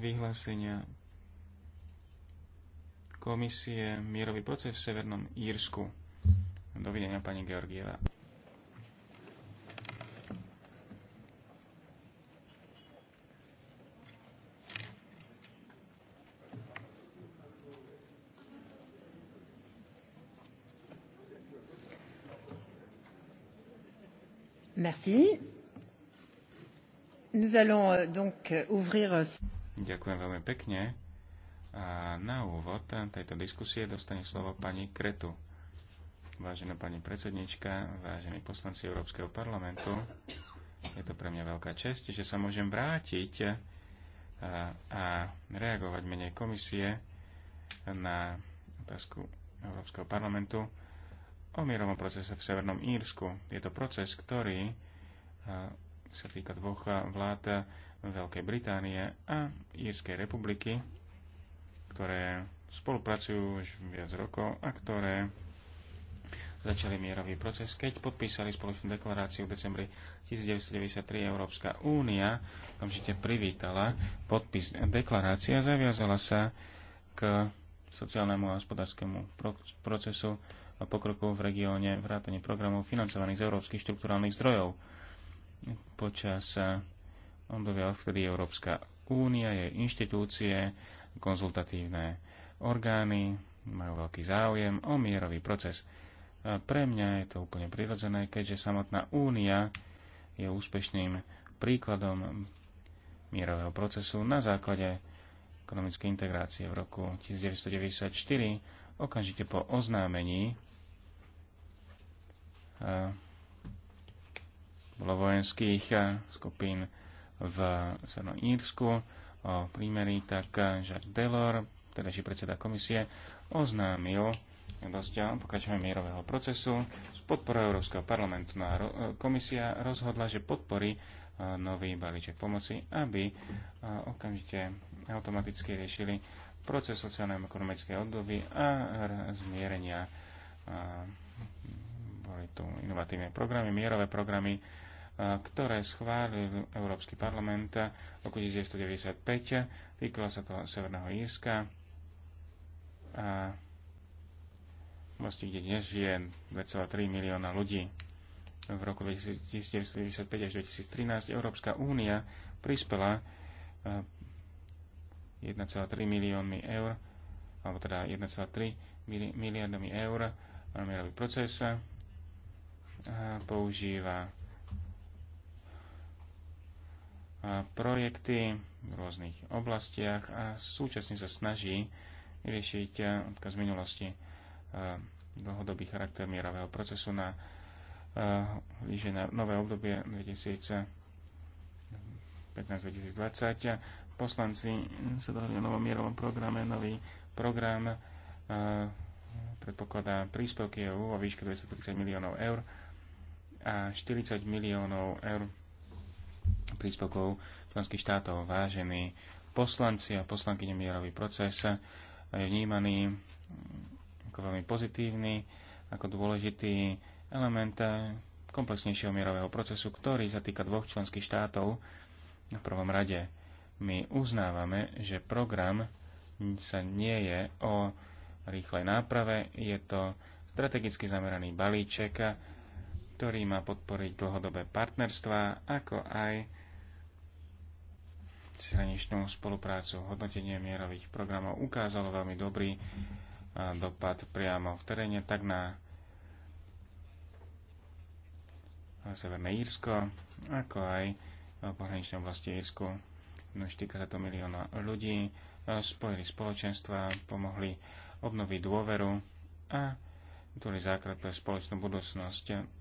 vyhlásenia komisie Mierový proces v Severnom Írsku. Dovidenia, pani Georgieva. Merci. Nous allons euh, donc euh, ouvrir. Ďakujem veľmi pekne. A na úvod tejto diskusie dostane slovo pani Kretu. Vážená pani predsednička, vážení poslanci Európskeho parlamentu, je to pre mňa veľká čest, že sa môžem vrátiť a, a reagovať menej komisie na otázku Európskeho parlamentu o mierovom procese v Severnom Írsku. Je to proces, ktorý sa týka dvoch vlád Veľkej Británie a Írskej republiky, ktoré spolupracujú už viac rokov a ktoré začali mierový proces, keď podpísali spoločnú deklaráciu v decembri 1993 Európska únia, okamžite privítala podpis deklarácia a zaviazala sa k sociálnemu a hospodárskému procesu a pokroku v regióne vrátane programov financovaných z európskych štruktúrálnych zdrojov počas eh, obdobia, odkedy Európska únia, jej inštitúcie, konzultatívne orgány majú veľký záujem o mierový proces. A pre mňa je to úplne prirodzené, keďže samotná únia je úspešným príkladom mierového procesu na základe ekonomickej integrácie v roku 1994, okamžite po oznámení eh, bolo vojenských eh, skupín v Severnom Írsku o prímery, tak eh, Jacques Delor, teda predseda komisie, oznámil dosť eh, pokračovanie mierového procesu s podporou Európskeho parlamentu. No a komisia rozhodla, že podporí nový balíček pomoci, aby okamžite automaticky riešili proces a ekonomickej obdoby a zmierenia. Boli tu inovatívne programy, mierové programy, ktoré schválil Európsky parlament v roku 1995. Týkalo sa to Severného Írska a vlastne kde dnes žije 2,3 milióna ľudí. V roku 1995 až 2013 Európska únia prispela 1,3 miliónmi eur, alebo teda 1,3 miliardami eur, mierový proces používa projekty v rôznych oblastiach a súčasne sa snaží riešiť eh, odkaz minulosti eh, dlhodobý charakter mierového procesu na, že eh, na nové obdobie 2015-2020. Poslanci sa dohodli o novom mierovom programe. Nový program predpokladá príspevky EU o výške 230 miliónov eur a 40 miliónov eur príspevkov členských štátov. Vážení poslanci a poslankyne mierový proces je vnímaný ako veľmi pozitívny, ako dôležitý element komplexnejšieho mierového procesu, ktorý sa týka dvoch členských štátov. V prvom rade my uznávame, že program sa nie je o rýchlej náprave, je to strategicky zameraný balíček ktorý má podporiť dlhodobé partnerstvá, ako aj cezhraničnú spoluprácu. Hodnotenie mierových programov ukázalo veľmi dobrý e, dopad priamo v teréne, tak na Severné Írsko, ako aj v pohraničnej oblasti Írsku. No, týka sa to milióna ľudí, e, spojili spoločenstva, pomohli obnoviť dôveru a vytvorili základ pre spoločnú budúcnosť.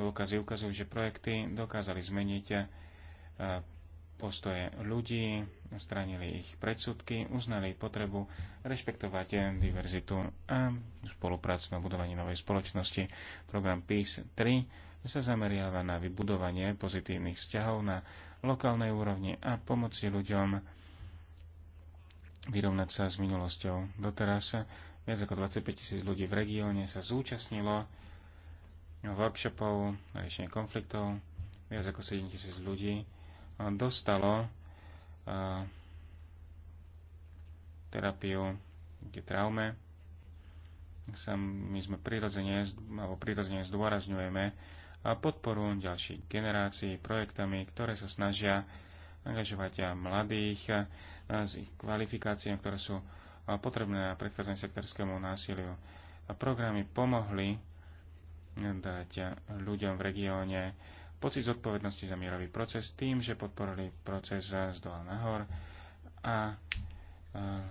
Dôkazy ukazujú, že projekty dokázali zmeniť e, postoje ľudí, stranili ich predsudky, uznali potrebu rešpektovať diverzitu a spoluprácu na budovanie novej spoločnosti. Program PEACE 3 sa zameriava na vybudovanie pozitívnych vzťahov na lokálnej úrovni a pomoci ľuďom vyrovnať sa s minulosťou. Doteraz viac ako 25 tisíc ľudí v regióne sa zúčastnilo workshopov, riešenie konfliktov. Viac ako 7 tisíc ľudí dostalo terapiu k traume. my sme prirodzene, alebo prirodzene zdôrazňujeme a podporu ďalších generácií projektami, ktoré sa snažia angažovať a mladých s ich kvalifikáciami, ktoré sú potrebné na predchádzanie sektorskému násiliu. A programy pomohli dať ľuďom v regióne pocit zodpovednosti za mierový proces tým, že podporili proces z dola nahor a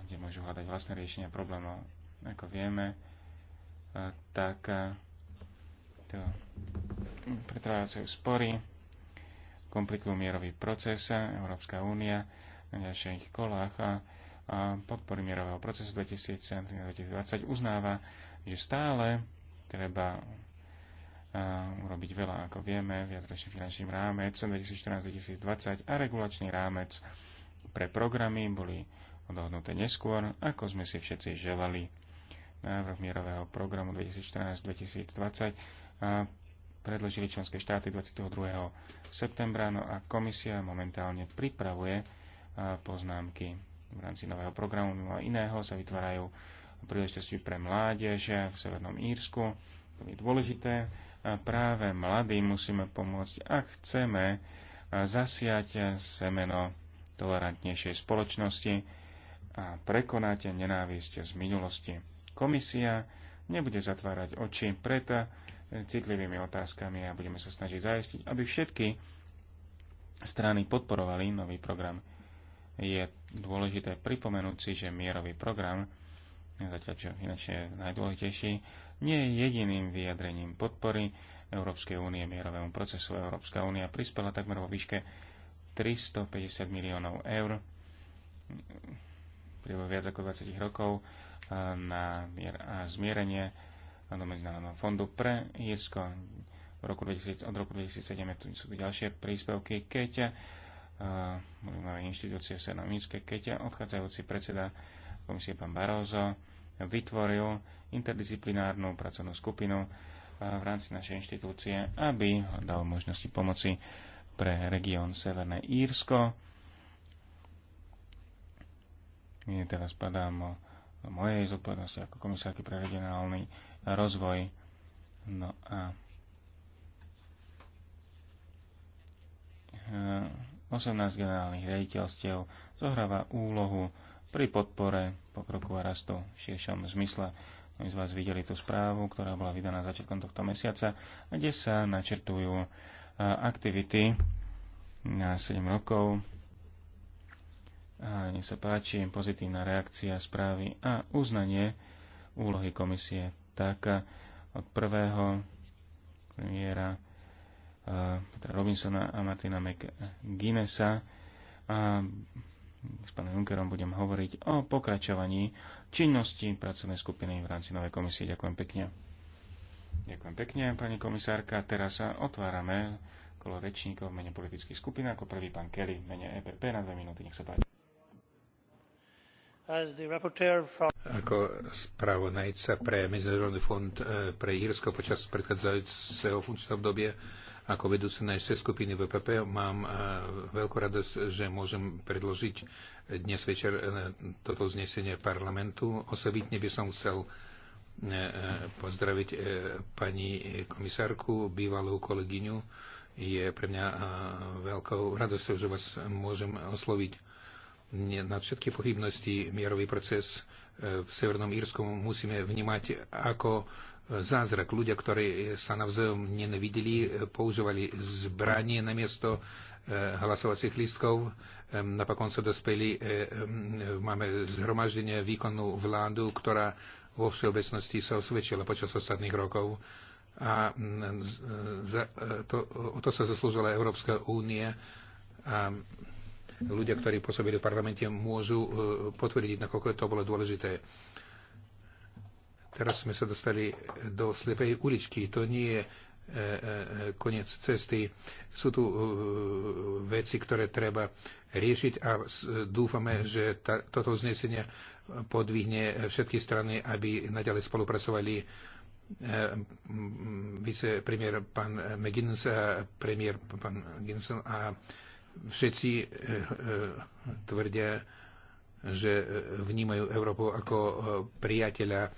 kde môžu hľadať vlastné riešenia problémov. Ako vieme, tak to pretrvávajú spory, komplikujú mierový proces Európska únia na ďalších kolách a, a podpory mierového procesu 2020 uznáva, že stále treba urobiť veľa, ako vieme, viacročný finančný rámec 2014-2020 a regulačný rámec pre programy boli dohodnuté neskôr, ako sme si všetci želali. Návrh mierového programu 2014-2020 predložili členské štáty 22. septembra, no a komisia momentálne pripravuje poznámky v rámci nového programu. Mimo no iného sa vytvárajú príležitosti pre mládež v Severnom Írsku, to je dôležité, práve mladým musíme pomôcť, ak chceme zasiať semeno tolerantnejšej spoločnosti a prekonať nenávisť z minulosti. Komisia nebude zatvárať oči pred citlivými otázkami a budeme sa snažiť zajistiť, aby všetky strany podporovali nový program. Je dôležité pripomenúť si, že mierový program zatiaľ čo finančne najdôležitejší, nie je jediným vyjadrením podpory Európskej únie mierovému procesu. Európska únia prispela takmer vo výške 350 miliónov eur priebehu viac ako 20 rokov na mier a zmierenie do Medzinárodného fondu pre Írsko. V roku 2000, od roku 2007 sú tu ďalšie príspevky, keď uh, inštitúcie v Senom keď odchádzajúci predseda komisie pán Barózo vytvoril interdisciplinárnu pracovnú skupinu eh, v rámci našej inštitúcie, aby dal možnosti pomoci pre región Severné Írsko. Nie teraz padám o mojej zodpovednosti ako komisárky pre regionálny rozvoj. No a 18 eh, generálnych riaditeľstiev zohráva úlohu pri podpore pokroku a rastu v širšom zmysle. My z vás videli tú správu, ktorá bola vydaná začiatkom tohto mesiaca, kde sa načrtujú e, aktivity na 7 rokov. A nech sa páči, pozitívna reakcia správy a uznanie úlohy komisie. Tak e, od prvého premiéra e, Petra Robinsona a Martina McGuinnessa a s pánom Junckerom budem hovoriť o pokračovaní činnosti pracovnej skupiny v rámci novej komisie. Ďakujem pekne. Ďakujem pekne, pani komisárka. Teraz sa otvárame kolo rečníkov v mene politických skupín. Ako prvý pán Kelly v mene EPP na dve minúty. Nech sa páči. Ako spravodajca pre Medzinárodný fond eh, pre Írsko počas predchádzajúceho funkčného obdobia ako vedúce našej skupiny VPP mám e, veľkú radosť, že môžem predložiť dnes večer e, toto znesenie parlamentu. Osobitne by som chcel e, pozdraviť pani komisárku, bývalú kolegyňu. Je pre mňa veľkou radosťou, že vás môžem osloviť na všetky pochybnosti mierový proces v Severnom Írsku musíme vnímať ako zázrak. Ľudia, ktorí sa navzájom nenavideli, používali zbranie na miesto e, hlasovacích listkov. E, napokon sa dospeli, e, máme zhromaždenie výkonnú vládu, ktorá vo všeobecnosti sa osvedčila počas ostatných rokov. A to, o to sa zaslúžila Európska únia. A ľudia, ktorí pôsobili v parlamente, môžu potvrdiť, nakoľko to bolo dôležité. Teraz sme sa dostali do slepej uličky. To nie je e, e, e, koniec cesty. Sú tu veci, ktoré treba riešiť a dúfame, mhm. že toto znesenie podvihne všetky strany, aby naďalej spolupracovali vicepremier pán McGuinness a premiér pán Ginson a všetci tvrdia, že vnímajú Európu ako priateľa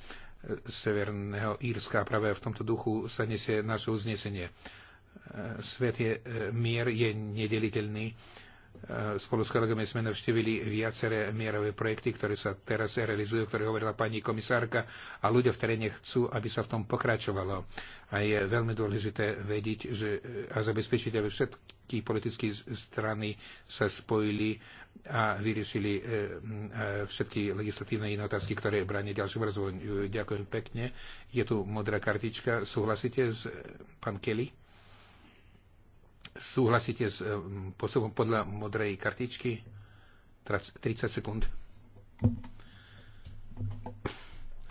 Severného Írska. A práve v tomto duchu sa nesie naše uznesenie. E, Svet je, e, mier je nedeliteľný E, spolu s kolegami sme navštívili viaceré mierové projekty, ktoré sa teraz realizujú, ktoré hovorila pani komisárka a ľudia v teréne chcú, aby sa v tom pokračovalo. A je veľmi dôležité vedieť že, a zabezpečiť, aby všetky politické strany sa spojili a vyriešili e, e, všetky legislatívne iné otázky, ktoré bránia ďalšiu rozvoju. Ďakujem pekne. Je tu modrá kartička. Súhlasíte s pán Kelly? Súhlasíte s eh, postupom podľa modrej kartičky? 30 sekúnd.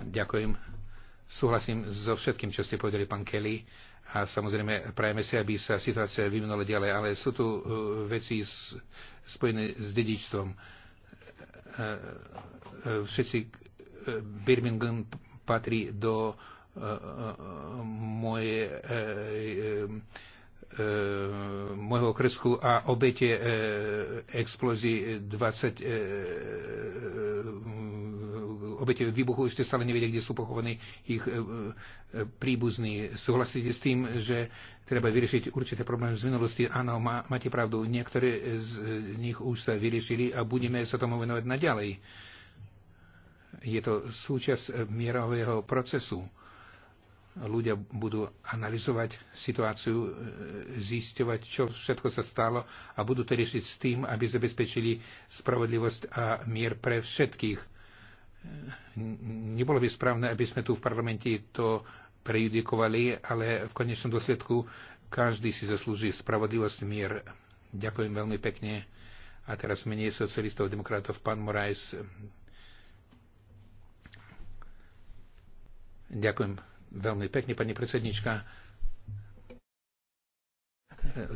Ďakujem. Súhlasím so všetkým, čo ste povedali, pán Kelly. A samozrejme, prajeme si, aby sa situácia vyvinula ďalej, ale sú tu eh, veci spojené s dedičstvom. Eh, všetci Birmingham patrí do moje E, môjho okresku a obete e, explózii 20 e, obete výbuchu ešte stále nevedia, kde sú pochovaní ich príbuzní. Súhlasíte s tým, že treba vyriešiť určité problémy z minulosti? Áno, má, máte pravdu. Niektoré z nich už sa vyriešili a budeme sa tomu venovať naďalej. Je to súčasť mierového procesu ľudia budú analyzovať situáciu, e, zisťovať, čo všetko sa stalo a budú to riešiť s tým, aby zabezpečili spravodlivosť a mier pre všetkých. E, nebolo by správne, aby sme tu v parlamente to prejudikovali, ale v konečnom dôsledku každý si zaslúži spravodlivosť mier. Ďakujem veľmi pekne. A teraz menej socialistov demokratov, pán Morais. Ďakujem Veľmi pekne, pani predsednička.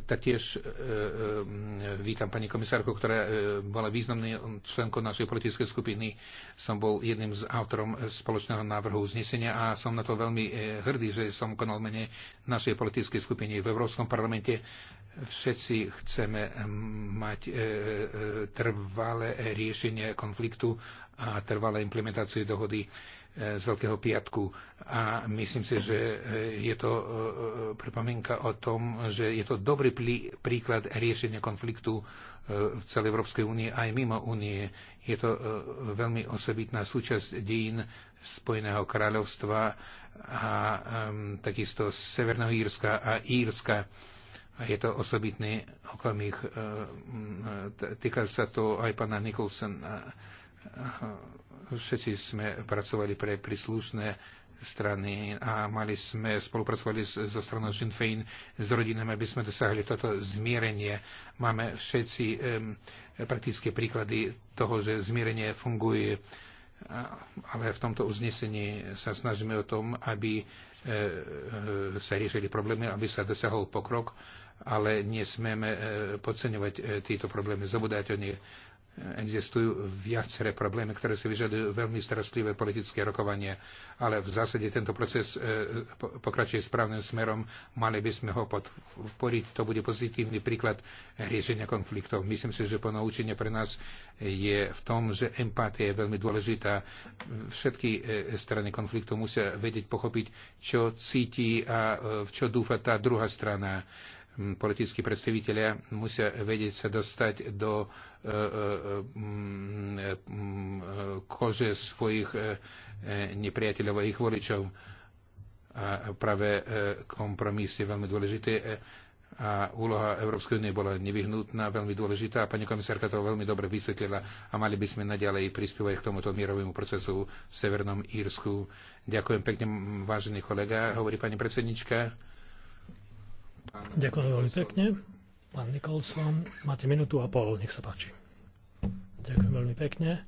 Taktiež e, e, vítam pani komisárku, ktorá e, bola významným členkou našej politickej skupiny. Som bol jedným z autorom spoločného návrhu uznesenia a som na to veľmi hrdý, že som konal mene našej politickej skupiny v Európskom parlamente. Všetci chceme mať trvalé riešenie konfliktu a trvalé implementáciu dohody z Veľkého piatku a myslím si, že eh, je to eh, pripomienka o tom, že je to dobrý príklad riešenia konfliktu eh, v celej Európskej únie aj mimo únie. Je to veľmi osobitná súčasť dejín Spojeného kráľovstva a takisto Severného Írska a Írska. A je to osobitný okamih. Týka sa to aj pána Nicholsona Všetci sme pracovali pre príslušné strany a mali sme, spolupracovali so stranou Sinn Féin s rodinami, aby sme dosahli toto zmierenie. Máme všetci um, praktické príklady toho, že zmierenie funguje, ale v tomto uznesení sa snažíme o tom, aby e, e, sa riešili problémy, aby sa dosahol pokrok, ale nesmieme e, podceňovať tieto problémy, zabúdať o nich existujú viaceré problémy, ktoré si vyžadujú veľmi starostlivé politické rokovanie, ale v zásade tento proces e, pokračuje správnym smerom, mali by sme ho podporiť, to bude pozitívny príklad riešenia konfliktov. Myslím si, že ponaučenie pre nás je v tom, že empatia je veľmi dôležitá. Všetky e, strany konfliktu musia vedieť, pochopiť, čo cíti a e, v čo dúfa tá druhá strana politickí predstavitelia musia vedieť sa dostať do e, e, e, kože svojich nepriateľov a ich voličov. A práve kompromis je veľmi dôležitý a úloha Európskej únie bola nevyhnutná, veľmi dôležitá a pani komisárka to veľmi dobre vysvetlila a mali by sme naďalej prispievať k tomuto mierovému procesu v Severnom Írsku. Ďakujem pekne, vážený kolega, hovorí pani predsednička. Ďakujem veľmi pekne. Pán Nikolson, máte minútu a pol, nech sa páči. Ďakujem veľmi pekne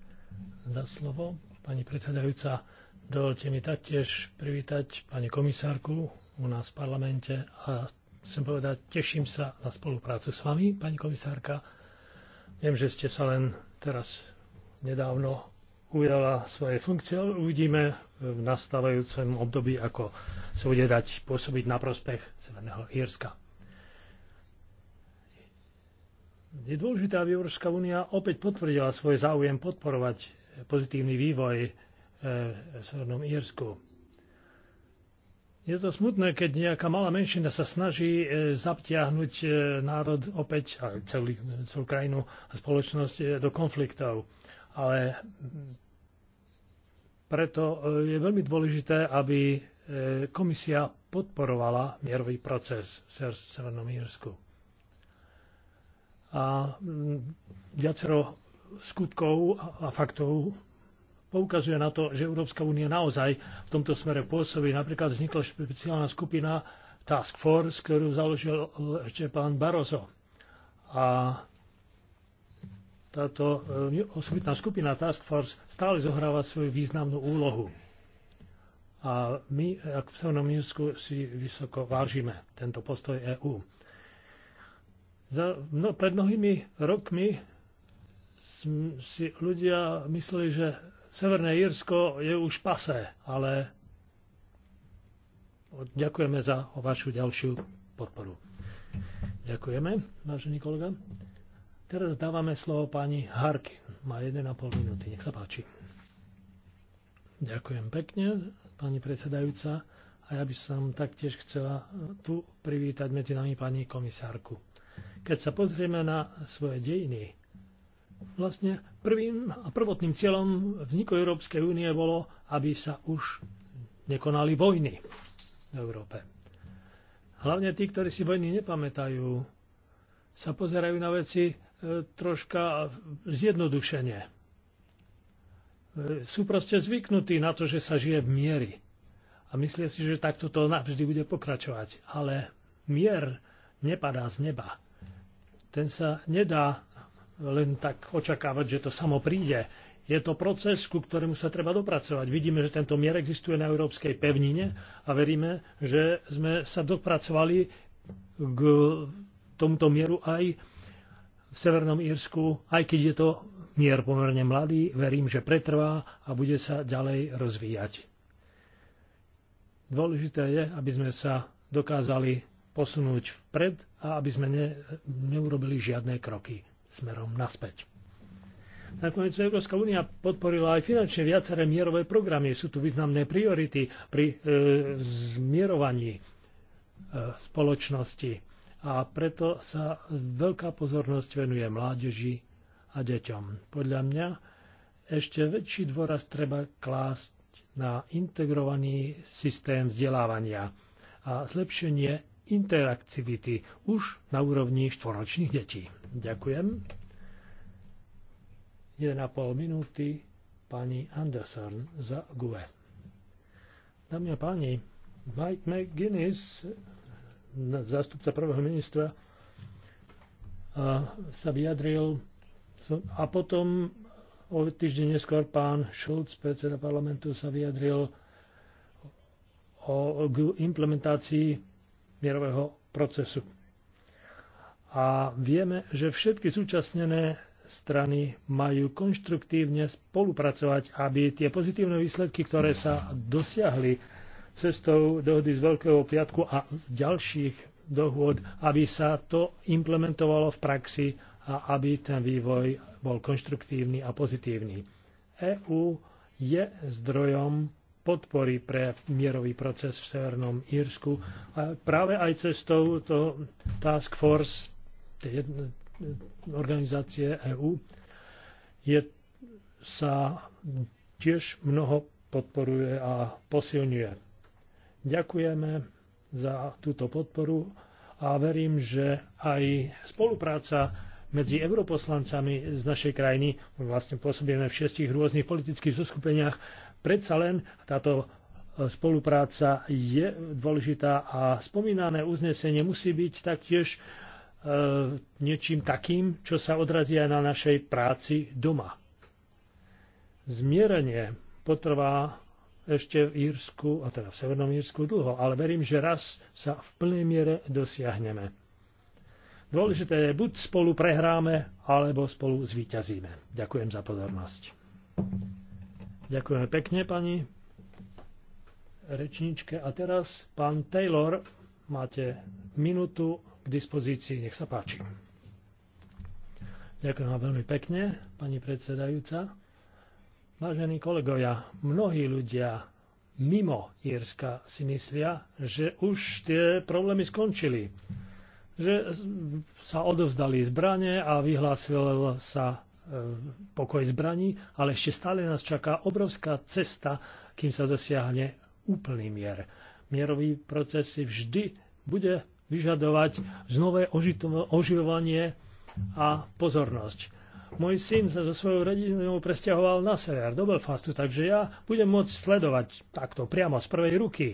za slovo. Pani predsedajúca, dovolte mi taktiež privítať pani komisárku u nás v parlamente a chcem povedať, teším sa na spoluprácu s vami, pani komisárka. Viem, že ste sa len teraz nedávno ujala svoje funkcie, ale uvidíme v nastávajúcom období, ako sa bude dať pôsobiť na prospech Severného Írska. Je dôležité, aby Európska únia opäť potvrdila svoj záujem podporovať pozitívny vývoj e, v Severnom Írsku. Je to smutné, keď nejaká malá menšina sa snaží e, zaptiahnuť e, národ opäť a celú, celú krajinu a spoločnosť do konfliktov ale preto eh, je veľmi dôležité, aby eh, komisia podporovala mierový proces v Severnom Írsku. A mm, viacero skutkov a faktov poukazuje na to, že Európska únia naozaj v tomto smere pôsobí. Napríklad vznikla špeciálna skupina Task Force, ktorú založil eh, ešte pán Barroso. A táto e, osobitná skupina Task Force stále zohráva svoju významnú úlohu. A my, e, ako v Severnom Minsku, si vysoko vážime tento postoj EÚ. Za, no, pred mnohými rokmi si ľudia mysleli, že Severné Írsko je už pasé, ale ďakujeme za vašu ďalšiu podporu. Ďakujeme, vážený kolega. Teraz dávame slovo pani Harky. Má 1,5 minúty. Nech sa páči. Ďakujem pekne, pani predsedajúca. A ja by som taktiež chcela tu privítať medzi nami pani komisárku. Keď sa pozrieme na svoje dejiny, vlastne prvým a prvotným cieľom vzniku Európskej únie bolo, aby sa už nekonali vojny v Európe. Hlavne tí, ktorí si vojny nepamätajú, sa pozerajú na veci troška zjednodušenie. Sú proste zvyknutí na to, že sa žije v miery. A myslia si, že takto to navždy bude pokračovať. Ale mier nepadá z neba. Ten sa nedá len tak očakávať, že to samo príde. Je to proces, ku ktorému sa treba dopracovať. Vidíme, že tento mier existuje na európskej pevnine a veríme, že sme sa dopracovali k tomuto mieru aj v Severnom Írsku, aj keď je to mier pomerne mladý, verím, že pretrvá a bude sa ďalej rozvíjať. Dôležité je, aby sme sa dokázali posunúť vpred a aby sme ne, neurobili žiadne kroky smerom naspäť. Nakoniec Európska únia podporila aj finančne viaceré mierové programy. Sú tu významné priority pri e, zmierovaní e, spoločnosti a preto sa veľká pozornosť venuje mládeži a deťom. Podľa mňa ešte väčší dôraz treba klásť na integrovaný systém vzdelávania a zlepšenie interaktivity už na úrovni štvoročných detí. Ďakujem. 1,5 minúty pani Anderson za GUE. Dámy a páni, Mike McGuinness zástupca prvého ministra sa vyjadril a potom o týždeň neskôr pán Schulz, predseda parlamentu, sa vyjadril o, implementácii mierového procesu. A vieme, že všetky súčasnené strany majú konštruktívne spolupracovať, aby tie pozitívne výsledky, ktoré sa dosiahli cestou dohody z Veľkého piatku a ďalších dohôd, aby sa to implementovalo v praxi a aby ten vývoj bol konštruktívny a pozitívny. EÚ je zdrojom podpory pre mierový proces v Severnom Írsku a práve aj cestou to Task Force tej organizácie EU, je, sa tiež mnoho podporuje a posilňuje Ďakujeme za túto podporu a verím, že aj spolupráca medzi europoslancami z našej krajiny, vlastne pôsobíme v šestich rôznych politických zoskupeniach, predsa len táto e, spolupráca je dôležitá a spomínané uznesenie musí byť taktiež e, niečím takým, čo sa odrazí aj na našej práci doma. Zmierenie potrvá ešte v Írsku, a teda v Severnom Írsku dlho, ale verím, že raz sa v plnej miere dosiahneme. Dôležité je, buď spolu prehráme, alebo spolu zvíťazíme. Ďakujem za pozornosť. Ďakujeme pekne, pani rečníčke. A teraz pán Taylor, máte minútu k dispozícii, nech sa páči. Ďakujem vám veľmi pekne, pani predsedajúca. Vážení kolegovia, mnohí ľudia mimo Írska si myslia, že už tie problémy skončili. Že sa odovzdali zbranie a vyhlásil sa e, pokoj zbraní, ale ešte stále nás čaká obrovská cesta, kým sa dosiahne úplný mier. Mierový proces si vždy bude vyžadovať znové oživovanie a pozornosť môj syn sa so svojou rodinou presťahoval na sever, do Belfastu, takže ja budem môcť sledovať takto priamo z prvej ruky,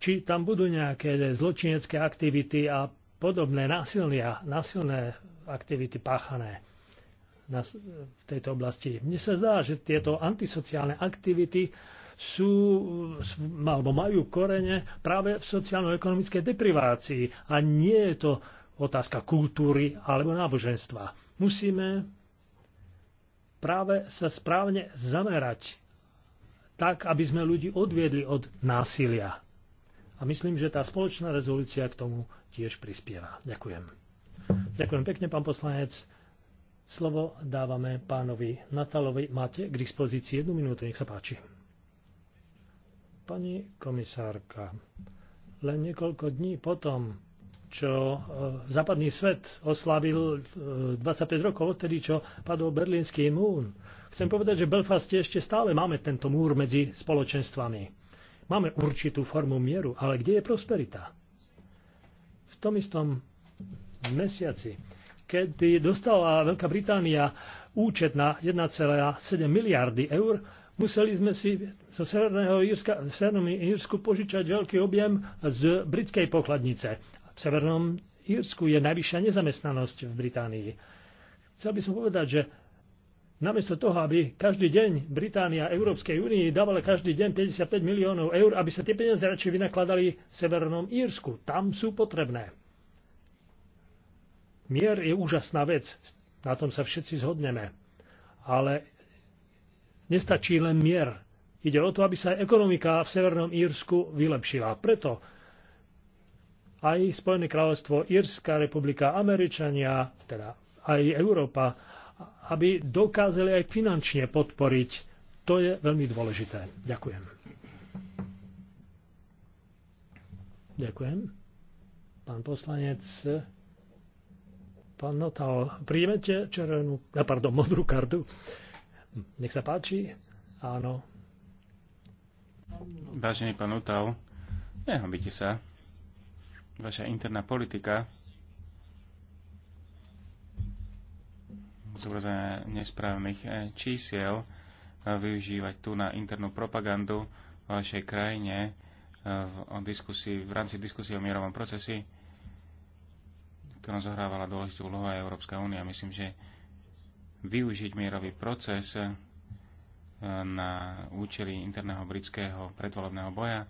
či tam budú nejaké zločinecké aktivity a podobné násilné, násilné aktivity páchané na, v tejto oblasti. Mne sa zdá, že tieto antisociálne aktivity sú, alebo majú korene práve v sociálno-ekonomickej deprivácii a nie je to otázka kultúry alebo náboženstva. Musíme práve sa správne zamerať tak, aby sme ľudí odviedli od násilia. A myslím, že tá spoločná rezolúcia k tomu tiež prispieva. Ďakujem. Ďakujem pekne, pán poslanec. Slovo dávame pánovi Natalovi. Máte k dispozícii jednu minútu, nech sa páči. Pani komisárka, len niekoľko dní potom, čo e, západný svet oslavil 25 e, rokov odtedy, čo padol berlínsky múr. Chcem povedať, že v Belfaste ešte stále máme tento múr medzi spoločenstvami. Máme určitú formu mieru, ale kde je prosperita? V tom istom mesiaci, keď dostala Veľká Británia účet na 1,7 miliardy eur, museli sme si zo Severného Írska, v Severnom Írsku požičať veľký objem z britskej pokladnice. Severnom Írsku je najvyššia nezamestnanosť v Británii. Chcel by som povedať, že namiesto toho, aby každý deň Británia Európskej únii dávala každý deň 55 miliónov eur, aby sa tie peniaze radšej vynakladali v Severnom Írsku. Tam sú potrebné. Mier je úžasná vec, na tom sa všetci zhodneme. Ale nestačí len mier. Ide o to, aby sa ekonomika v Severnom Írsku vylepšila. Preto aj Spojené kráľovstvo, Írska republika, Američania, teda aj Európa, aby dokázali aj finančne podporiť. To je veľmi dôležité. Ďakujem. Ďakujem. Pán poslanec, pán Notal, príjmete červenú, a pardon, modrú kartu. Nech sa páči. Áno. Vážený pán Notal, nehambite sa vaša interná politika zobrazenia nesprávnych eh, čísiel eh, využívať tu na internú propagandu vo vašej krajine eh, v, o diskusii, v rámci diskusie o mierovom procesi, ktorá zohrávala dôležitú úlohu aj Európska únia. Myslím, že využiť mierový proces na účely interného britského predvolebného boja,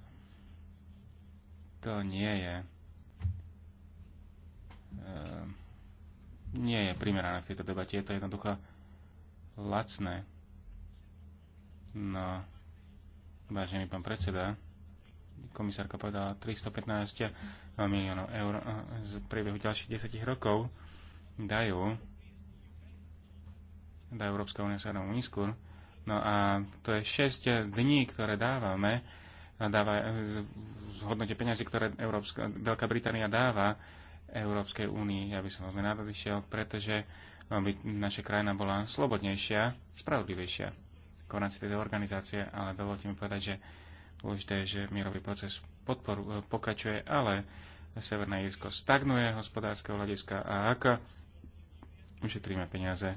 to nie je Ehm, nie je primerané v tejto debate. Je to jednoducho lacné. No, vážený pán predseda, komisárka povedala 315 miliónov eur eh, z priebehu ďalších 10 rokov dajú dá Európska únia sa nám No a to je 6 dní, ktoré dávame, dáva z, z hodnote peniazy, ktoré Európska, Veľká Británia dáva Európskej únii. Ja by som veľmi rád odišiel, pretože aby naša krajina bola slobodnejšia, spravodlivejšia v rámci tejto organizácie, ale dovolte mi povedať, že dôležité je, že mierový proces podporu, e, pokračuje, ale Severné Jirsko stagnuje hospodárskeho hľadiska a ak ušetríme peniaze,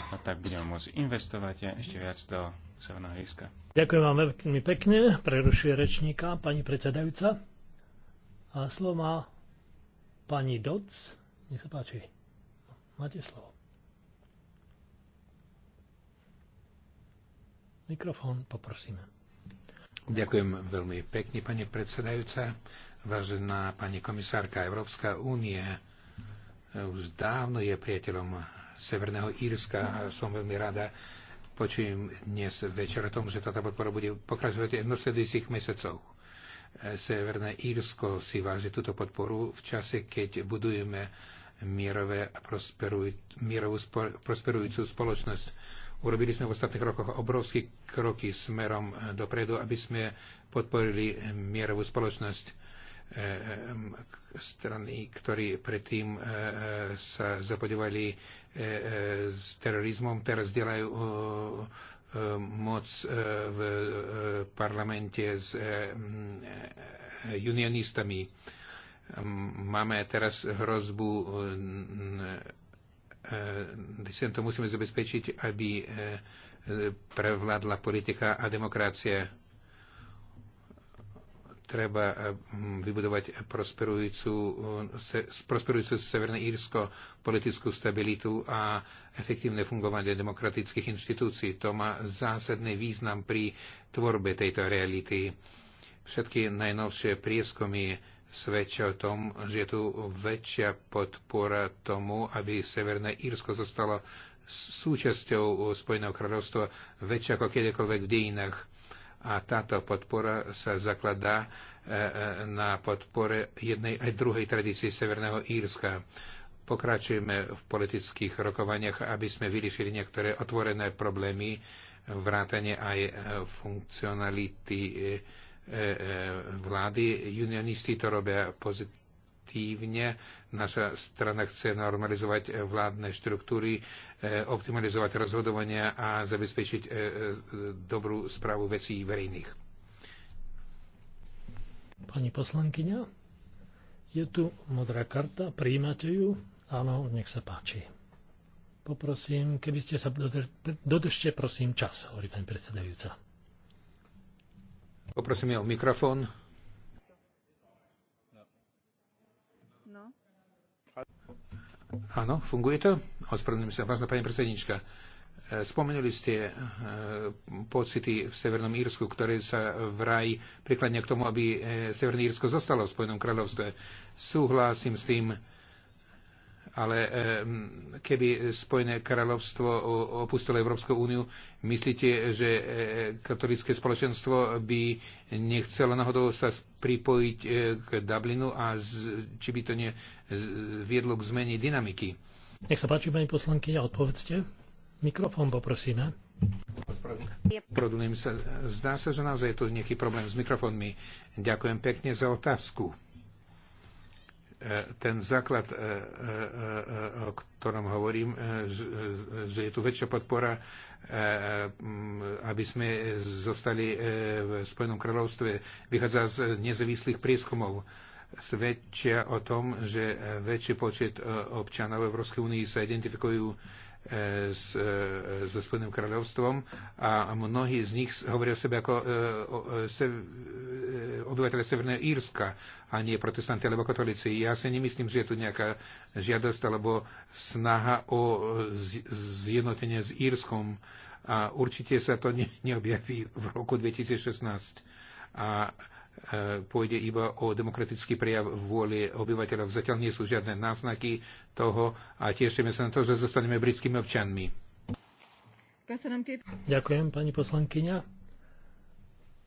a no tak budeme môcť investovať ešte viac do Severného Jirska. Ďakujem vám veľmi pekne, prerušuje rečníka pani predsedajúca. A slovo má Pani Doc, nech sa páči. Máte slovo. Mikrofón poprosíme. Ďakujem veľmi pekne, pani predsedajúca. Vážená pani komisárka, Európska únie eh, už dávno je priateľom Severného Írska a som veľmi rada, počujem dnes večer o tom, že táto podpora bude pokračovať v nasledujúcich mesiacoch. Severné Írsko si váži túto podporu v čase, keď budujeme mierové a mierovú spor, prosperujúcu spoločnosť. Urobili sme v ostatných rokoch obrovské kroky smerom dopredu, aby sme podporili mierovú spoločnosť eh, eh, strany, ktorí predtým eh, sa zapodívali s terorizmom, teraz delajú moc e, v e, parlamente s e, unionistami. Máme teraz hrozbu to musíme zabezpečiť, aby prevládla politika a demokracia treba eh, vybudovať prosperujúcu, eh, prosperujúcu Severné Írsko, politickú stabilitu a efektívne fungovanie demokratických inštitúcií. To má zásadný význam pri tvorbe tejto reality. Všetky najnovšie prieskomy svedčia o tom, že je tu väčšia podpora tomu, aby Severné Írsko zostalo súčasťou Spojeného kráľovstva väčšia ako kedykoľvek v dejinách a táto podpora sa zakladá e, e, na podpore jednej aj druhej tradície Severného Írska. Pokračujeme v politických rokovaniach, aby sme vyriešili niektoré otvorené problémy, vrátane aj e, funkcionality vlády. Unionisti to robia pozitívne aktívne. Naša strana chce normalizovať eh, vládne štruktúry, eh, optimalizovať rozhodovania a zabezpečiť eh, dobrú správu vecí verejných. Pani poslankyňa, je tu modrá karta, príjmate ju? Áno, nech sa páči. Poprosím, keby ste sa dodržte, prosím, čas, hovorí pani predsedajúca. Poprosím ja o mikrofón. Áno, funguje to? Ospravedlňujem sa, vážna pani predsednička. E, spomenuli ste e, pocity v Severnom Írsku, ktoré sa vraj prikladne k tomu, aby e, Severné Írsko zostalo v Spojenom kráľovstve. Súhlasím s tým, ale keby Spojené kráľovstvo opustilo Európsku úniu, myslíte, že e, katolické spoločenstvo by nechcelo náhodou sa pripojiť e, k Dublinu a či by to neviedlo k zmene dynamiky? Nech sa páči, pani poslanky, a odpovedzte. Mikrofón poprosíme. sa. Zdá sa, že naozaj je tu nejaký problém s mikrofónmi. Ďakujem pekne za otázku ten základ, e, e, e, o ktorom hovorím, že je tu väčšia podpora, aby sme zostali v Spojenom kráľovstve, vychádza z nezávislých prieskumov svedčia o tom, že väčší počet občanov Európskej únie sa identifikujú s, e, so Spojeným kráľovstvom a mnohí z nich hovoria o sebe ako e, e, obyvateľe Severného Írska a nie protestanti alebo katolíci. Ja si nemyslím, že je tu nejaká žiadosť alebo snaha o zjednotenie s Írskom a určite sa to ne, neobjaví v roku 2016. A E, pôjde iba o demokratický prejav vôli obyvateľov. Zatiaľ nie sú žiadne náznaky toho a tešíme sa na to, že zostaneme britskými občanmi. Ďakujem, pani poslankyňa.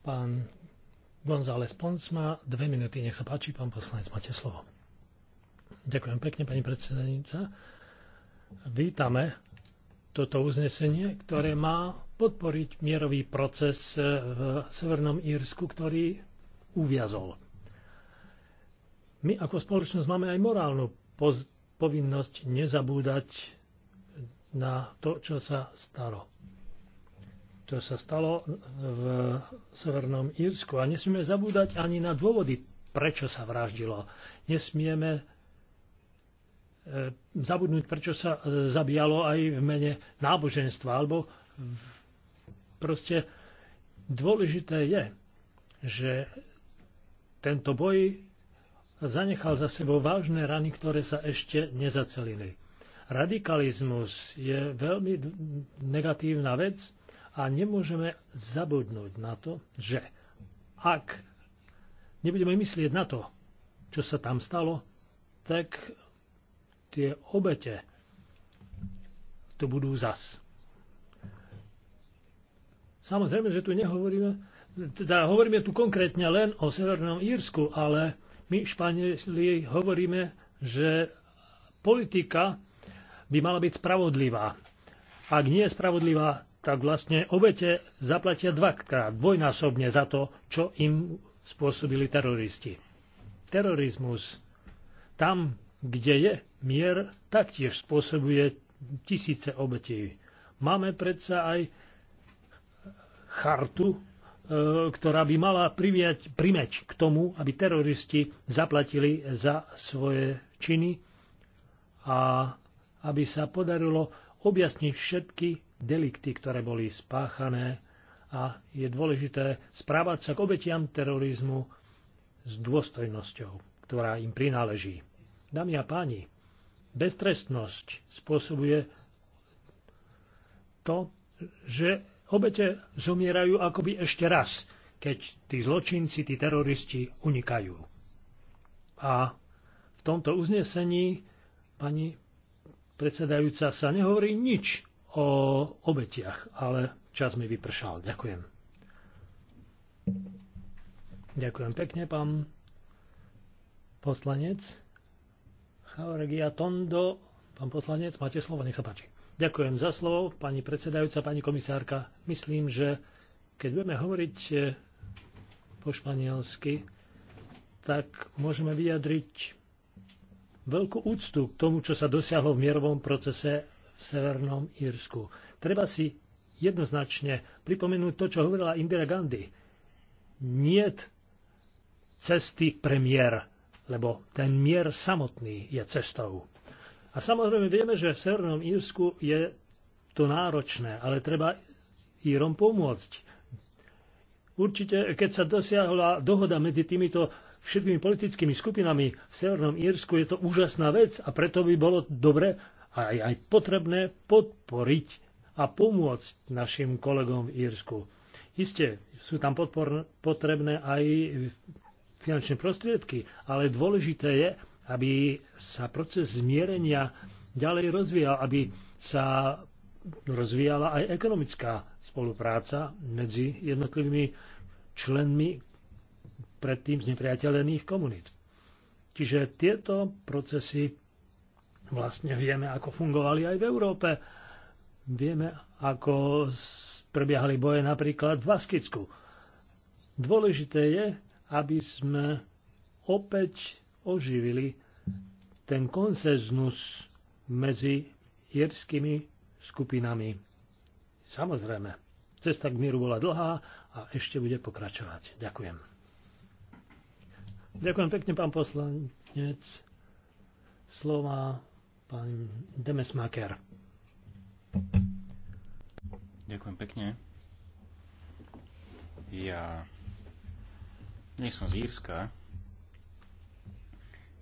Pán González Pons má dve minúty. Nech sa páči, pán poslanec, máte slovo. Ďakujem pekne, pani predsednica. Vítame toto uznesenie, ktoré má podporiť mierový proces v Severnom Írsku, ktorý uviazol. My ako spoločnosť máme aj morálnu povinnosť nezabúdať na to, čo sa stalo. To sa stalo v Severnom Írsku a nesmieme zabúdať ani na dôvody, prečo sa vraždilo. Nesmieme e, zabudnúť, prečo sa zabíjalo aj v mene náboženstva, alebo proste dôležité je, že tento boj zanechal za sebou vážne rany, ktoré sa ešte nezacelili. Radikalizmus je veľmi negatívna vec a nemôžeme zabudnúť na to, že ak nebudeme myslieť na to, čo sa tam stalo, tak tie obete to budú zas. Samozrejme, že tu nehovoríme teda hovoríme tu konkrétne len o Severnom Írsku, ale my Španieli hovoríme, že politika by mala byť spravodlivá. Ak nie je spravodlivá, tak vlastne obete zaplatia dvakrát, dvojnásobne za to, čo im spôsobili teroristi. Terorizmus tam, kde je mier, taktiež spôsobuje tisíce obetí. Máme predsa aj chartu E, ktorá by mala priviať primeč k tomu, aby teroristi zaplatili za svoje činy a aby sa podarilo objasniť všetky delikty, ktoré boli spáchané a je dôležité správať sa k obetiam terorizmu s dôstojnosťou, ktorá im prináleží. Dámy a páni, beztrestnosť spôsobuje to, že Obete zomierajú akoby ešte raz, keď tí zločinci, tí teroristi unikajú. A v tomto uznesení pani predsedajúca sa nehovorí nič o obetiach, ale čas mi vypršal. Ďakujem. Ďakujem pekne, pán poslanec. Chauregia Tondo, pán poslanec, máte slovo, nech sa páči. Ďakujem za slovo, pani predsedajúca, pani komisárka. Myslím, že keď budeme hovoriť eh, po španielsky, tak môžeme vyjadriť veľkú úctu k tomu, čo sa dosiahlo v mierovom procese v Severnom Írsku. Treba si jednoznačne pripomenúť to, čo hovorila Indira Gandhi. Niet cesty premiér, lebo ten mier samotný je cestou. A samozrejme vieme, že v Severnom Írsku je to náročné, ale treba Írom pomôcť. Určite, keď sa dosiahla dohoda medzi týmito všetkými politickými skupinami v Severnom Írsku, je to úžasná vec a preto by bolo dobre a aj, aj potrebné podporiť a pomôcť našim kolegom v Írsku. Isté, sú tam podporn- potrebné aj finančné prostriedky, ale dôležité je, aby sa proces zmierenia ďalej rozvíjal, aby sa rozvíjala aj ekonomická spolupráca medzi jednotlivými členmi predtým z nepriateľených komunít. Čiže tieto procesy vlastne vieme, ako fungovali aj v Európe. Vieme, ako prebiehali boje napríklad v Baskicku. Dôležité je, aby sme opäť oživili ten konsenzus medzi jerskými skupinami. Samozrejme, cesta k mieru bola dlhá a ešte bude pokračovať. Ďakujem. Ďakujem pekne, pán poslanec. Slova pán Demesmaker. Ďakujem pekne. Ja nie som z Írska,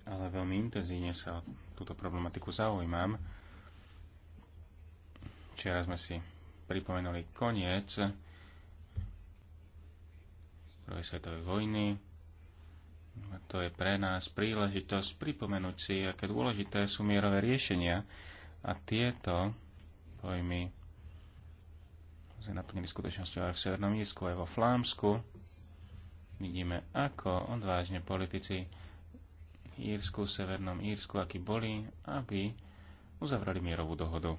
ale veľmi intenzívne sa o túto problematiku zaujímam. Včera sme si pripomenuli koniec prvej svetovej vojny. A to je pre nás príležitosť pripomenúť si, aké dôležité sú mierové riešenia a tieto pojmy sa naplnili skutočnosťou aj v Severnom Írsku, aj vo Flámsku. Vidíme, ako odvážne politici Írsku, Severnom Írsku, akí boli, aby uzavrali mierovú dohodu.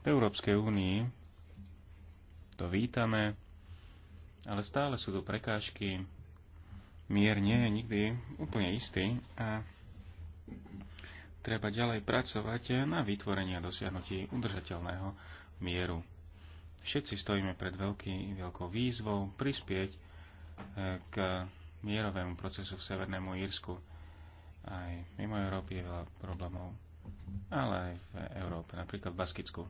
V Európskej únii to vítame, ale stále sú tu prekážky. Mier nie je nikdy úplne istý a treba ďalej pracovať na vytvorení a dosiahnutí udržateľného mieru. Všetci stojíme pred veľký, veľkou výzvou prispieť eh, k mierovému procesu v Severnému Írsku. Aj mimo Európy je veľa problémov, ale aj v Európe, napríklad v Baskicku.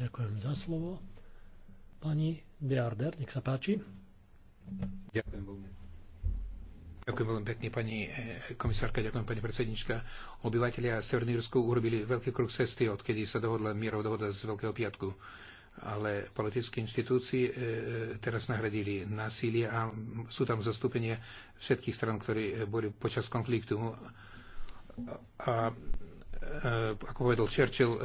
Ďakujem za slovo. Pani Biarder, nech sa páči. Ďakujem veľmi. Ďakujem veľmi pekne, pani eh, komisárka, ďakujem pani predsednička. Obyvateľia Severného Írsku urobili veľký krok cesty, odkedy sa dohodla mierová dohoda z Veľkého piatku ale politické inštitúcie e, e, teraz nahradili násilie a sú tam zastúpenie všetkých stran, ktorí e, boli počas konfliktu. A E, ako povedal Churchill, e,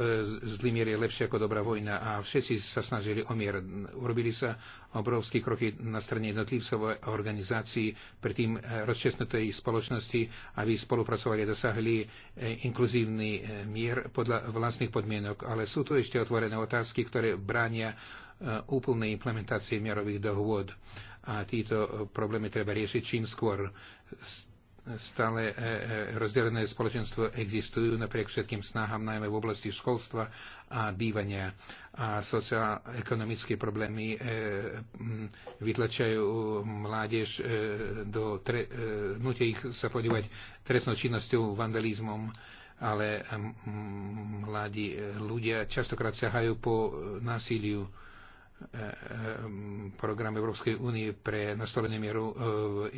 zlý mier je lepšie ako dobrá vojna a všetci sa snažili o mier. Urobili sa obrovské kroky na strane jednotlivcov a organizácií predtým tým e, rozčesnutej spoločnosti, aby spolupracovali a dosahli inkluzívny mier podľa vlastných podmienok. Ale sú tu ešte otvorené otázky, ktoré bránia úplnej implementácie mierových dohôd. A títo problémy treba riešiť čím skôr stále e, e, rozdelené spoločenstvo existujú napriek všetkým snahám, najmä v oblasti školstva a bývania. A socioekonomické problémy e, vytlačajú mládež do tre, nutia ich sa podívať trestnou činnosťou, vandalizmom, ale mladí ľudia častokrát siahajú po násiliu E, e, program Európskej únie pre nastolenie mieru e, v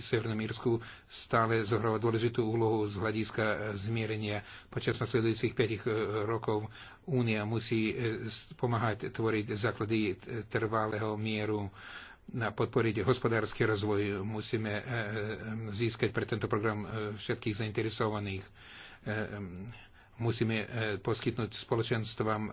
Severnom Írsku stále zohráva dôležitú úlohu z hľadiska zmierenia. Počas nasledujúcich 5 rokov únia musí pomáhať tvoriť základy trvalého mieru na podporiť hospodársky rozvoj. Musíme získať pre tento program všetkých zainteresovaných Musíme e, poskytnúť spoločenstvám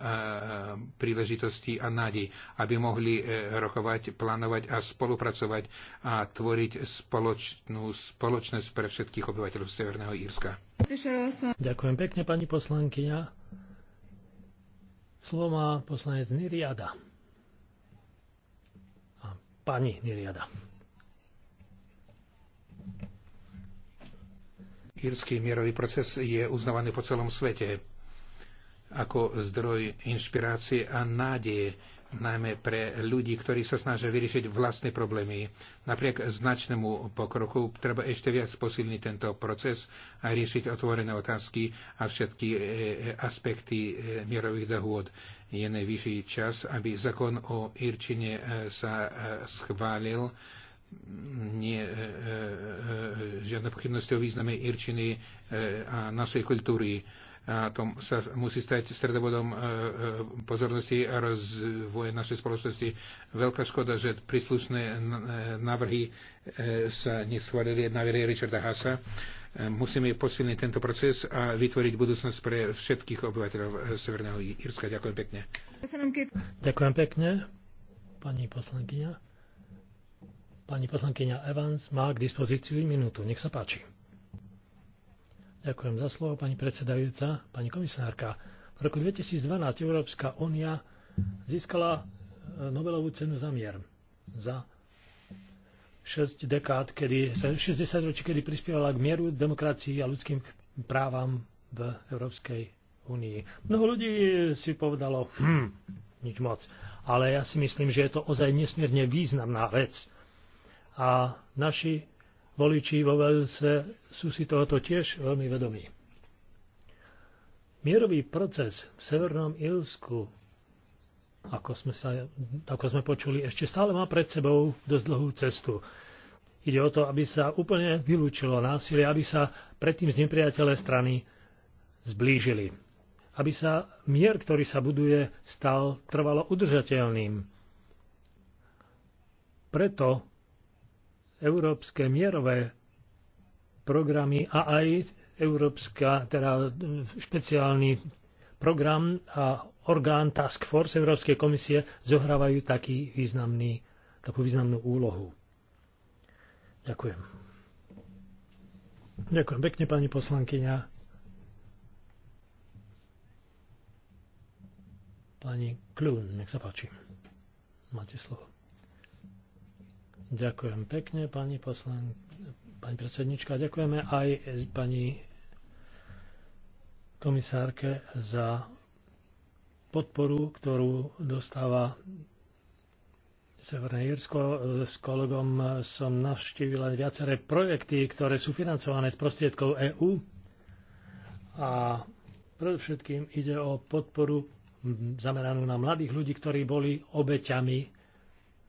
e, e, príležitosti a nádej, aby mohli rokovať, plánovať a spolupracovať a tvoriť spoločnú spoločnosť pre všetkých obyvateľov Severného Írska. Ďakujem pekne, pani poslankyňa. Slovo má poslanec Niriada. pani Niriada. Írsky mierový proces je uznávaný po celom svete ako zdroj inšpirácie a nádeje, najmä pre ľudí, ktorí sa snažia vyriešiť vlastné problémy. Napriek značnému pokroku treba ešte viac posilniť tento proces a riešiť otvorené otázky a všetky e, e, aspekty e, mierových dohôd. Je najvyšší čas, aby zákon o Irčine sa schválil nie, e, e, e, žiadne pochybnosti o význame Irčiny e, a našej kultúry. A to sa musí stať stredobodom e, e, pozornosti a rozvoje našej spoločnosti. Veľká škoda, že príslušné e, návrhy e, sa neschválili na verej Richarda Hasa. E, musíme posilniť tento proces a vytvoriť budúcnosť pre všetkých obyvateľov Severného Irska. Ďakujem pekne. Ďakujem pekne, pani poslankyňa. Pani poslankyňa Evans má k dispozíciu minútu. Nech sa páči. Ďakujem za slovo, pani predsedajúca, pani komisárka. V roku 2012 Európska únia získala e, Nobelovú cenu za mier za 6 dekád, kedy, 60 ročí, kedy prispievala k mieru, demokracii a ľudským právam v Európskej únii. Mnoho ľudí si povedalo, hm, nič moc. Ale ja si myslím, že je to ozaj nesmierne významná vec a naši voliči vo Velse sú si tohoto tiež veľmi vedomí. Mierový proces v Severnom Ilsku, ako sme, sa, ako sme počuli, ešte stále má pred sebou dosť dlhú cestu. Ide o to, aby sa úplne vylúčilo násilie, aby sa predtým z nepriateľe strany zblížili. Aby sa mier, ktorý sa buduje, stal trvalo udržateľným. Preto európske mierové programy a aj európska, teda špeciálny program a orgán Task Force Európskej komisie zohrávajú taký významný, takú významnú úlohu. Ďakujem. Ďakujem pekne, pani poslankyňa. Pani Klun, nech sa páči. Máte slovo. Ďakujem pekne, pani poslan... pani predsednička. Ďakujeme aj pani komisárke za podporu, ktorú dostáva Severné Jirsko. S kolegom som navštívila viaceré projekty, ktoré sú financované z prostriedkov EÚ. A predovšetkým ide o podporu zameranú na mladých ľudí, ktorí boli obeťami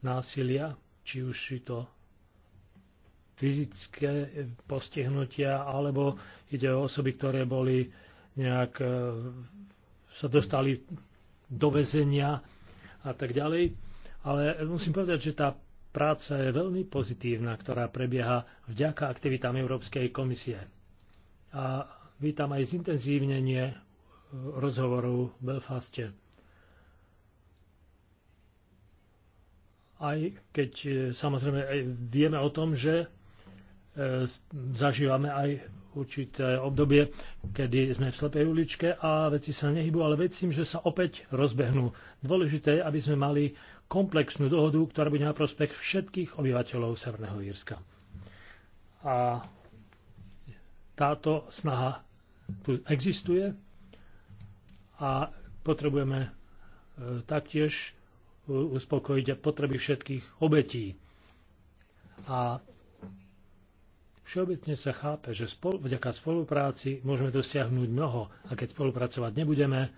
násilia či už je to fyzické postihnutia, alebo ide o osoby, ktoré boli nejak, e, sa dostali do väzenia a tak ďalej. Ale musím povedať, že tá práca je veľmi pozitívna, ktorá prebieha vďaka aktivitám Európskej komisie. A vítam aj zintenzívnenie rozhovorov v Belfaste. aj keď e, samozrejme vieme o tom, že e, zažívame aj určité obdobie, kedy sme v slepej uličke a veci sa nehybu, ale vecím, že sa opäť rozbehnú. Dôležité je, aby sme mali komplexnú dohodu, ktorá bude na prospech všetkých obyvateľov Severného Írska. A táto snaha tu existuje a potrebujeme e, taktiež uspokojiť potreby všetkých obetí. A všeobecne sa chápe, že spol- vďaka spolupráci môžeme dosiahnuť mnoho a keď spolupracovať nebudeme,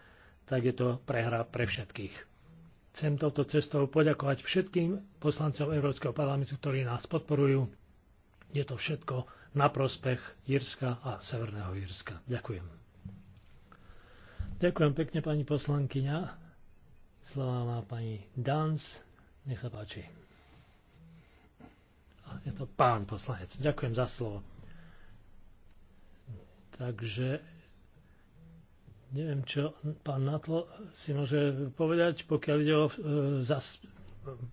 tak je to prehra pre všetkých. Chcem touto cestou poďakovať všetkým poslancom Európskeho parlamentu, ktorí nás podporujú. Je to všetko na prospech Jirska a Severného Jirska. Ďakujem. Ďakujem pekne, pani poslankyňa. Slova má pani Dans. Nech sa páči. Je to pán poslanec. Ďakujem za slovo. Takže neviem, čo pán Natlo si môže povedať, pokiaľ ide o e,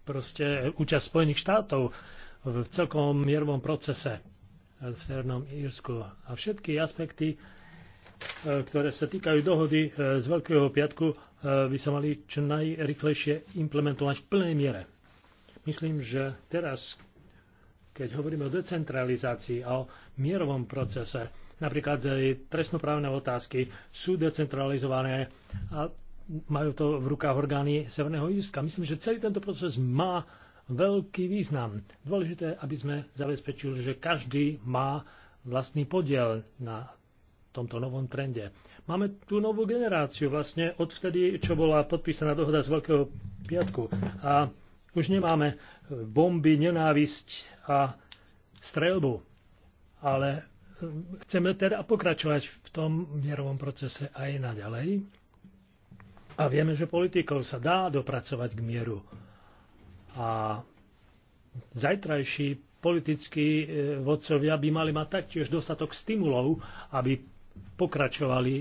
proste účasť Spojených štátov v celkom mierovom procese v Severnom Írsku. A všetky aspekty, e, ktoré sa týkajú dohody e, z Veľkého piatku, E, by sa mali čo najrychlejšie implementovať v plnej miere. Myslím, že teraz, keď hovoríme o decentralizácii a o mierovom procese, napríklad aj trestnoprávne otázky sú decentralizované a majú to v rukách orgány Severného Írska. Myslím, že celý tento proces má veľký význam. Dôležité, aby sme zabezpečili, že každý má vlastný podiel na tomto novom trende. Máme tú novú generáciu vlastne od vtedy, čo bola podpísaná dohoda z Veľkého piatku. A už nemáme bomby, nenávisť a strelbu. Ale hm, chceme teda pokračovať v tom mierovom procese aj naďalej. A vieme, že politikov sa dá dopracovať k mieru. A zajtrajší politickí eh, vodcovia by mali mať taktiež dostatok stimulov, aby pokračovali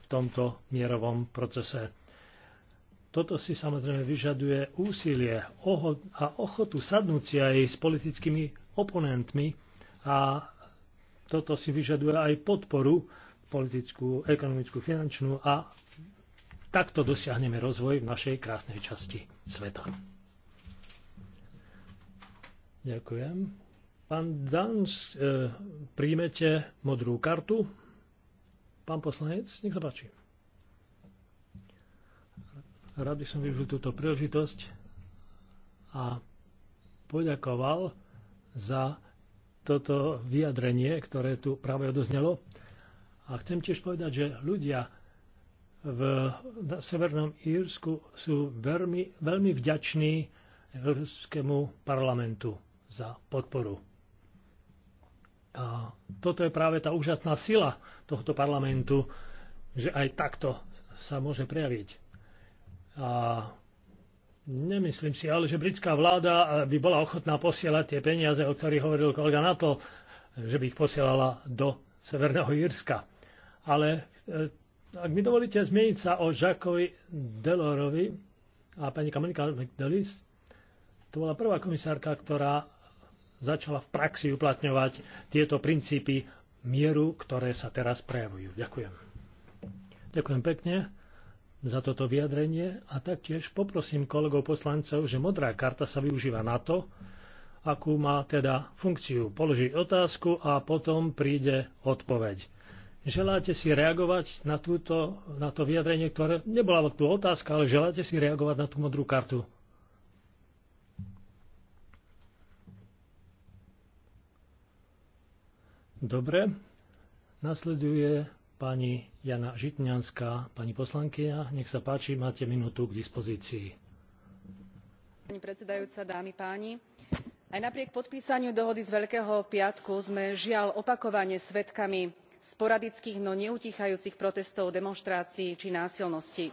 v tomto mierovom procese. Toto si samozrejme vyžaduje úsilie a ochotu sadnúť si aj s politickými oponentmi a toto si vyžaduje aj podporu politickú, ekonomickú, finančnú a takto dosiahneme rozvoj v našej krásnej časti sveta. Ďakujem. Pán Dans, e, príjmete modrú kartu. Pán poslanec, nech sa páči. Rád by som využil túto príležitosť a poďakoval za toto vyjadrenie, ktoré tu práve odoznelo. A chcem tiež povedať, že ľudia v Severnom Írsku sú veľmi, veľmi vďační Európskemu parlamentu za podporu toto je práve tá úžasná sila tohto parlamentu, že aj takto sa môže prejaviť. A nemyslím si, ale že britská vláda by bola ochotná posielať tie peniaze, o ktorých hovoril kolega Nato, že by ich posielala do Severného Írska. Ale e, ak mi dovolíte zmieniť sa o Žakovi Delorovi a pani Kamenika McDellis, to bola prvá komisárka, ktorá začala v praxi uplatňovať tieto princípy mieru, ktoré sa teraz prejavujú. Ďakujem. Ďakujem pekne za toto vyjadrenie a taktiež poprosím kolegov poslancov, že modrá karta sa využíva na to, akú má teda funkciu. položiť otázku a potom príde odpoveď. Želáte si reagovať na, túto, na to vyjadrenie, ktoré nebola tu otázka, ale želáte si reagovať na tú modrú kartu? Dobre, nasleduje pani Jana Žitňanská, pani poslankyňa. Nech sa páči, máte minútu k dispozícii. Pani predsedajúca, dámy páni, aj napriek podpísaniu dohody z Veľkého piatku sme žiaľ opakovane svedkami sporadických, no neutichajúcich protestov, demonštrácií či násilností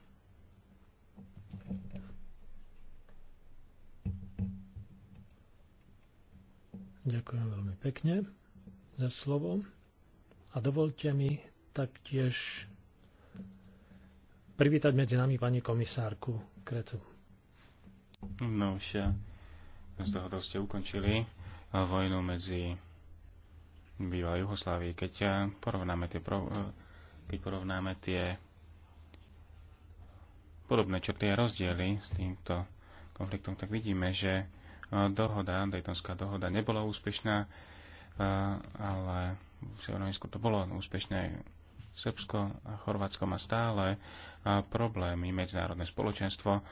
pekne za slovo a dovolte mi taktiež privítať medzi nami pani komisárku Kretu. No už eh, z dohodou ste ukončili eh, vojnu medzi bývalou Jugoslávii. Keď eh, porovnáme tie, keď porovnáme tie podobné črty a rozdiely s týmto konfliktom, tak vidíme, že dohoda, Daytonská dohoda nebola úspešná, ale v Severomísku to bolo úspešné. Srbsko a Chorvátsko má stále problémy medzinárodné spoločenstvo.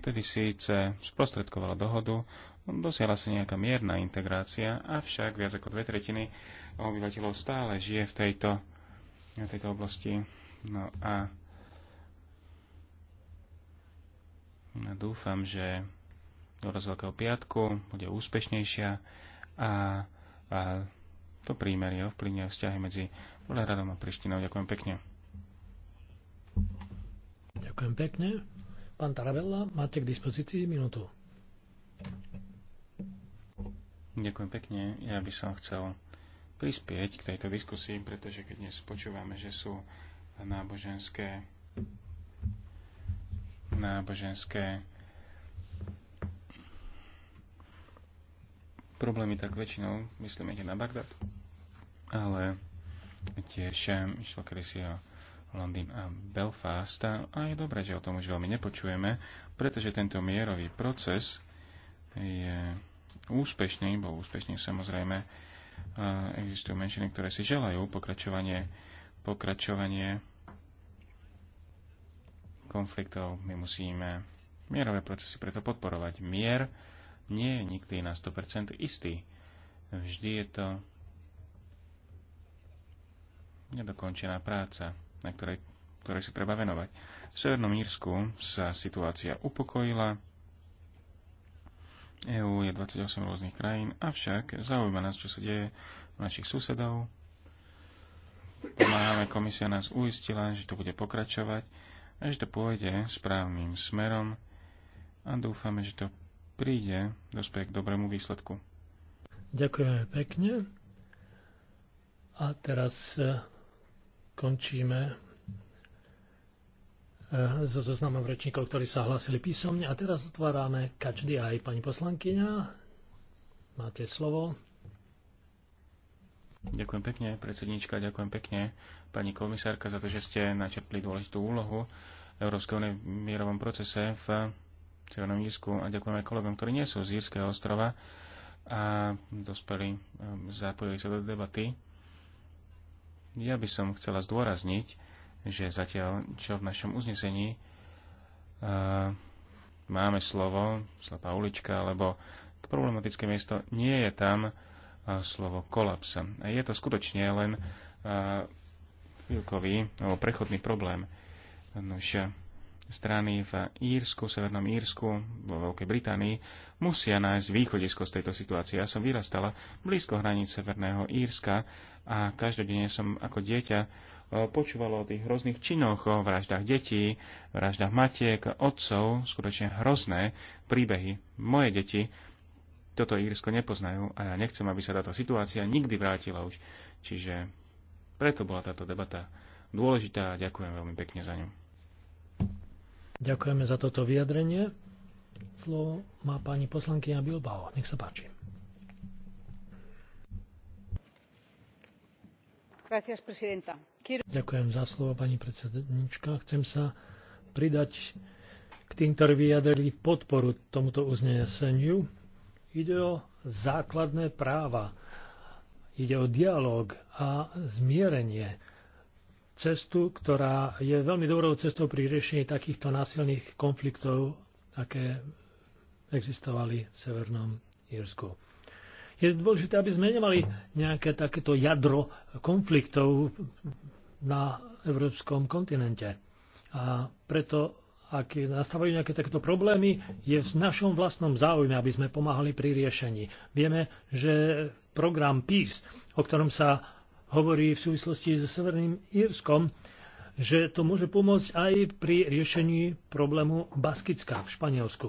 Vtedy síce sprostredkovalo dohodu, dosiahla sa nejaká mierna integrácia, avšak viac ako dve tretiny obyvateľov stále žije v tejto, v tejto oblasti. No a dúfam, že z Veľkého piatku bude úspešnejšia a, a to prímerie ovplyvňuje vzťahy medzi Bolehradom a Prištinou. Ďakujem pekne. Ďakujem pekne. Pán Tarabella, máte k dispozícii minútu. Ďakujem pekne. Ja by som chcel prispieť k tejto diskusii, pretože keď dnes počúvame, že sú náboženské náboženské problémy, tak väčšinou myslíme ide na Bagdad. Ale tiež eh, išlo kedysi o Londýn a Belfast a je dobré, že o tom už veľmi nepočujeme, pretože tento mierový proces je úspešný, bol úspešný samozrejme, eh, existujú menšiny, ktoré si želajú pokračovanie, pokračovanie konfliktov. My musíme mierové procesy preto podporovať. Mier nie je nikdy na 100% istý. Vždy je to nedokončená práca, na ktorej, ktorej sa treba venovať. V Severnom Írsku sa situácia upokojila. EU je 28 rôznych krajín, avšak zaujíma nás, čo sa deje u našich susedov. Pomáhame, komisia nás uistila, že to bude pokračovať a že to pôjde správnym smerom a dúfame, že to príde, dospeje k dobrému výsledku. Ďakujeme pekne. A teraz e, končíme e, so zoznamom rečníkov, ktorí sa hlasili písomne. A teraz otvárame každý aj pani poslankyňa. Máte slovo. Ďakujem pekne, predsednička, ďakujem pekne, pani komisárka, za to, že ste načrtli dôležitú úlohu Európskej únie v mierovom procese v Severnom Írsku a ďakujeme kolegom, ktorí nie sú z Írskeho ostrova a dospeli, um, zapojili sa do debaty. Ja by som chcela zdôrazniť, že zatiaľ, čo v našom uznesení uh, máme slovo, slepá ulička alebo problematické miesto, nie je tam uh, slovo kolapsa. A je to skutočne len uh, chvíľkový alebo prechodný problém. Nož, strany v Írsku, Severnom Írsku, vo Veľkej Británii musia nájsť východisko z tejto situácie. Ja som vyrastala blízko hraníc Severného Írska a každodenne som ako dieťa počúvalo o tých hrozných činoch, o vraždách detí, vraždách matiek, otcov, skutočne hrozné príbehy. Moje deti toto Írsko nepoznajú a ja nechcem, aby sa táto situácia nikdy vrátila už. Čiže preto bola táto debata dôležitá a ďakujem veľmi pekne za ňu. Ďakujeme za toto vyjadrenie. Slovo má pani poslankyňa Bilbao. Nech sa páči. Ďakujem za slovo, pani predsednička. Chcem sa pridať k tým, ktorí vyjadrili podporu tomuto uzneseniu. Ide o základné práva, ide o dialog a zmierenie cestu, ktorá je veľmi dobrou cestou pri riešení takýchto násilných konfliktov, aké existovali v Severnom Írsku. Je dôležité, aby sme nemali nejaké takéto jadro konfliktov na európskom kontinente. A preto, ak nastávajú nejaké takéto problémy, je v našom vlastnom záujme, aby sme pomáhali pri riešení. Vieme, že program PEACE, o ktorom sa hovorí v súvislosti so Severným Írskom, že to môže pomôcť aj pri riešení problému Baskická v Španielsku.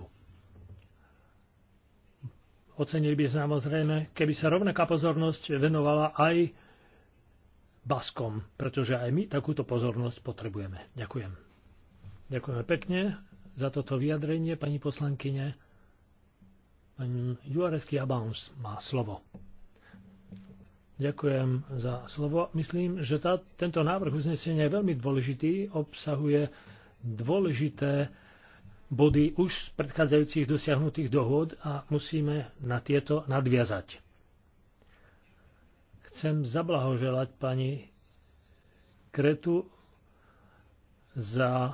Ocenili by samozrejme, keby sa rovnaká pozornosť venovala aj Baskom, pretože aj my takúto pozornosť potrebujeme. Ďakujem. Ďakujeme pekne za toto vyjadrenie, pani poslankyne. Pán Juarezky Abans má slovo. Ďakujem za slovo. Myslím, že tá, tento návrh uznesenia je veľmi dôležitý, obsahuje dôležité body už z predchádzajúcich dosiahnutých dohod a musíme na tieto nadviazať. Chcem zablahoželať pani Kretu za e,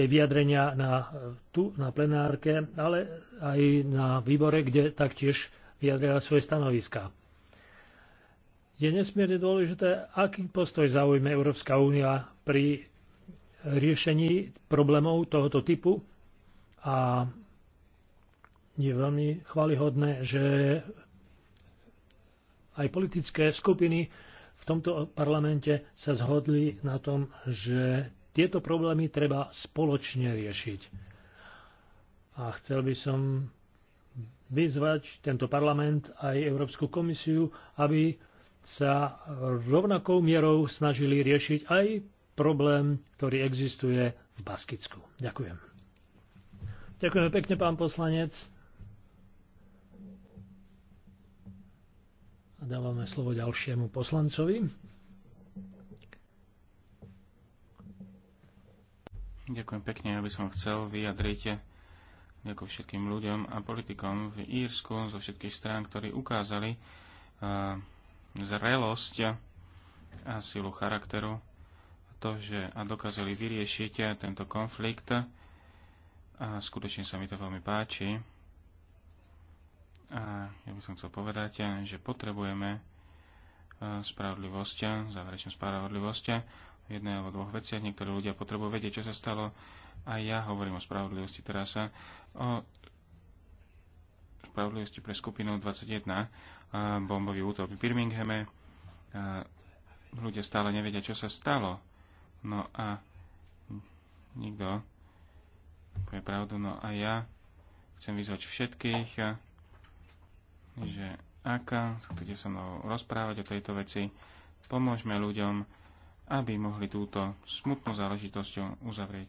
jej vyjadrenia na, tu na plenárke, ale aj na výbore, kde taktiež vyjadrila svoje stanoviská je nesmierne dôležité, aký postoj zaujme Európska únia pri riešení problémov tohoto typu a je veľmi chvalihodné, že aj politické skupiny v tomto parlamente sa zhodli na tom, že tieto problémy treba spoločne riešiť. A chcel by som vyzvať tento parlament aj Európsku komisiu, aby sa rovnakou mierou snažili riešiť aj problém, ktorý existuje v Baskicku. Ďakujem. Ďakujeme pekne, pán poslanec. A dávame slovo ďalšiemu poslancovi. Ďakujem pekne, aby som chcel vyjadriť ako všetkým ľuďom a politikom v Írsku zo všetkých strán, ktorí ukázali zrelosť a silu charakteru, to, že a dokázali vyriešiť tento konflikt a skutočne sa mi to veľmi páči. A ja by som chcel povedať, že potrebujeme e, spravodlivosť, záverečnú spravodlivosť v jednej alebo dvoch veciach. Niektorí ľudia potrebujú vedieť, čo sa stalo. A ja hovorím o spravodlivosti teraz o spravodlivosti pre skupinu 21, bombový útok v Birminghame. Ľudia stále nevedia, čo sa stalo. No a nikto povie pravdu. No a ja chcem vyzvať všetkých, že ak chcete sa mnou rozprávať o tejto veci, pomôžme ľuďom, aby mohli túto smutnú záležitosť uzavrieť.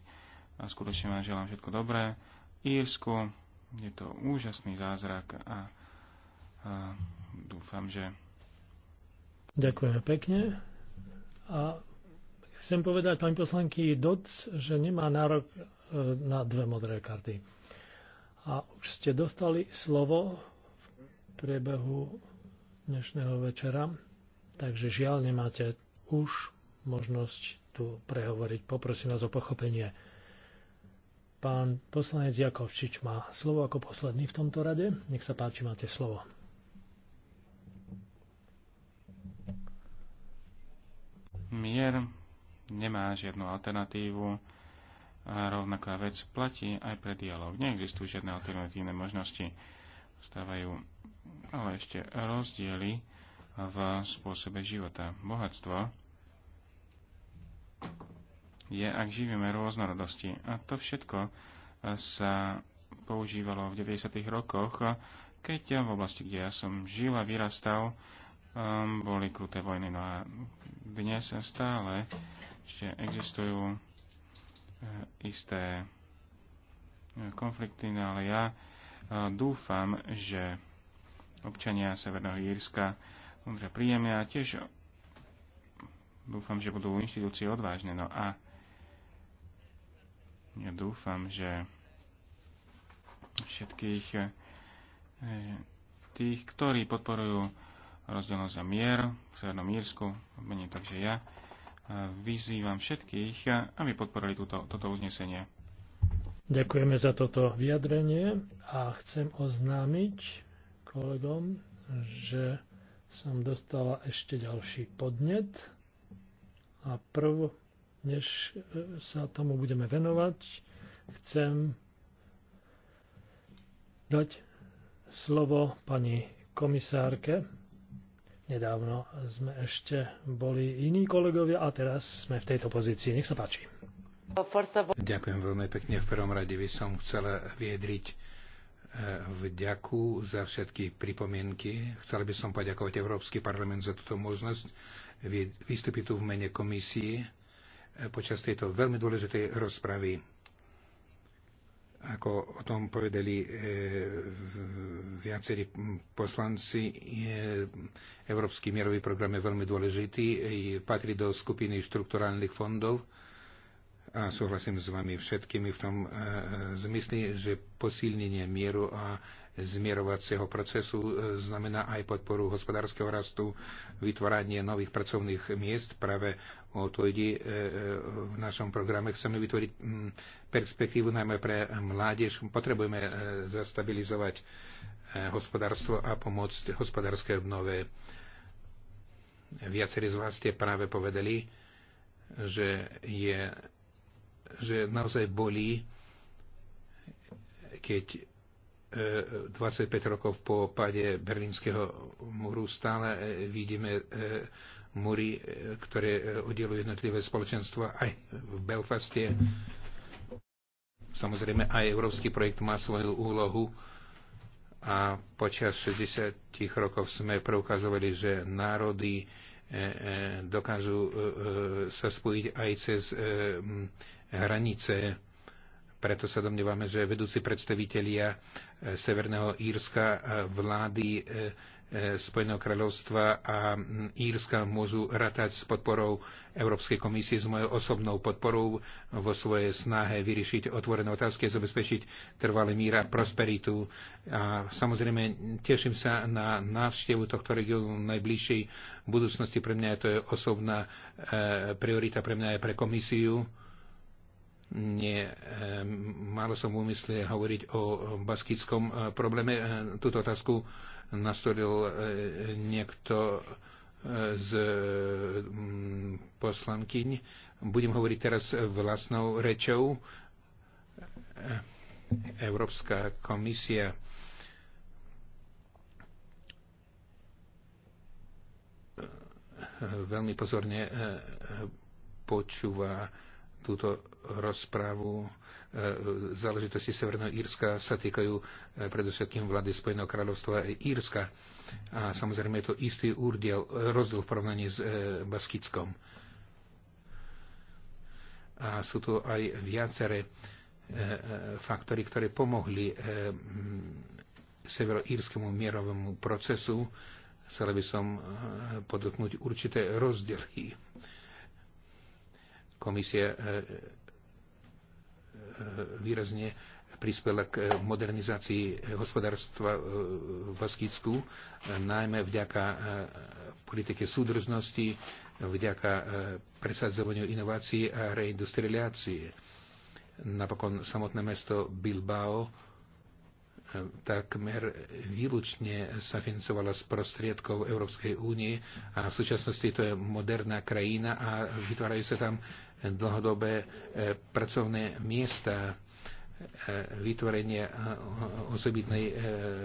A skutočne vám želám všetko dobré. Írsku, je to úžasný zázrak a, a dúfam, že... Ďakujeme pekne. A chcem povedať pani poslanky Doc, že nemá nárok e, na dve modré karty. A už ste dostali slovo v priebehu dnešného večera, takže žiaľ nemáte už možnosť tu prehovoriť. Poprosím vás o pochopenie. Pán poslanec Jakovčič má slovo ako posledný v tomto rade. Nech sa páči, máte slovo. Mier nemá žiadnu alternatívu a rovnaká vec platí aj pre dialog. Neexistujú žiadne alternatívne možnosti. Stávajú ale ešte rozdiely v spôsobe života. Bohatstvo je, ak živíme rôznorodosti. A to všetko e, sa používalo v 90. rokoch, keď v oblasti, kde ja som žil a vyrastal, um, boli kruté vojny. No a dnes stále ešte existujú uh, isté e, konflikty, no ale ja uh, dúfam, že občania Severného Jírska umria príjemne a tiež dúfam, že budú inštitúcie odvážne. No a dúfam, že všetkých eh, tých, ktorí podporujú rozdielnosť a mier v Severnom Mírsku, menej takže ja, eh, vyzývam všetkých, eh, aby podporili túto, toto uznesenie. Ďakujeme za toto vyjadrenie a chcem oznámiť kolegom, že som dostala ešte ďalší podnet a prv, než sa tomu budeme venovať, chcem dať slovo pani komisárke. Nedávno sme ešte boli iní kolegovia a teraz sme v tejto pozícii. Nech sa páči. Ďakujem veľmi pekne. V prvom rade by som chcela viedriť e, vďaku za všetky pripomienky. Chcela by som poďakovať Európsky parlament za túto možnosť vystúpiť tu v mene komisie e, počas tejto veľmi dôležitej rozpravy ako o tom povedali e, viacerí poslanci, Európsky mierový program je veľmi dôležitý, e, patrí do skupiny štrukturálnych fondov a súhlasím s vami všetkými v tom e, e, zmysle, že posilnenie mieru a zmierovacieho procesu e, znamená aj podporu hospodárskeho rastu, vytváranie nových pracovných miest. Práve o to ide e, e v našom programe. Chceme vytvoriť m, perspektívu najmä pre mládež. Potrebujeme e, zastabilizovať e, hospodárstvo a pomôcť hospodárskej obnove. Viacerí z vás ste práve povedali, že je že naozaj bolí, keď 25 e, rokov po páde Berlínskeho múru stále e, vidíme e, múry, ktoré oddelujú jednotlivé spoločenstva aj v Belfaste. Samozrejme, aj európsky projekt má svoju úlohu a počas 60 rokov sme preukazovali, že národy E, e, dokážu e, sa spojiť aj cez hranice. Preto sa domnievame, že vedúci predstavitelia Severného Írska vlády E, Spojeného kráľovstva a Írska môžu ratať s podporou Európskej komisie, s mojou osobnou podporou vo svojej snahe vyriešiť otvorené otázky zabezpečiť trvalý mír a prosperitu. A samozrejme, teším sa na návštevu tohto regiónu v najbližšej budúcnosti. Pre mňa je to je osobná e, priorita, pre mňa je pre komisiu. Nie, e, málo som v úmysle hovoriť o baskickom probléme. Túto otázku nastolil e, niekto e, z mm, poslankyň. Budem hovoriť teraz vlastnou rečou. Európska komisia veľmi pozorne e, počúva túto rozprávu E, záležitosti Severného Írska sa týkajú e, predovšetkým vlády Spojeného kráľovstva Írska. A samozrejme je to istý úrdiel, e, rozdiel v porovnaní s Baskickom. A sú tu aj viaceré faktory, ktoré pomohli severoírskému mierovému procesu. Chcel by som podotknúť určité rozdiely. Komisia E, výrazne prispela k e, modernizácii hospodárstva e, v Baskicku, najmä vďaka politike súdržnosti, vďaka presadzovaniu inovácií a reindustrializácie. Napokon samotné mesto Bilbao takmer výlučne sa financovala z prostriedkov Európskej únie a v súčasnosti to je moderná krajina a vytvárajú sa tam dlhodobé eh, pracovné miesta E, vytvorenie e, osobitnej e,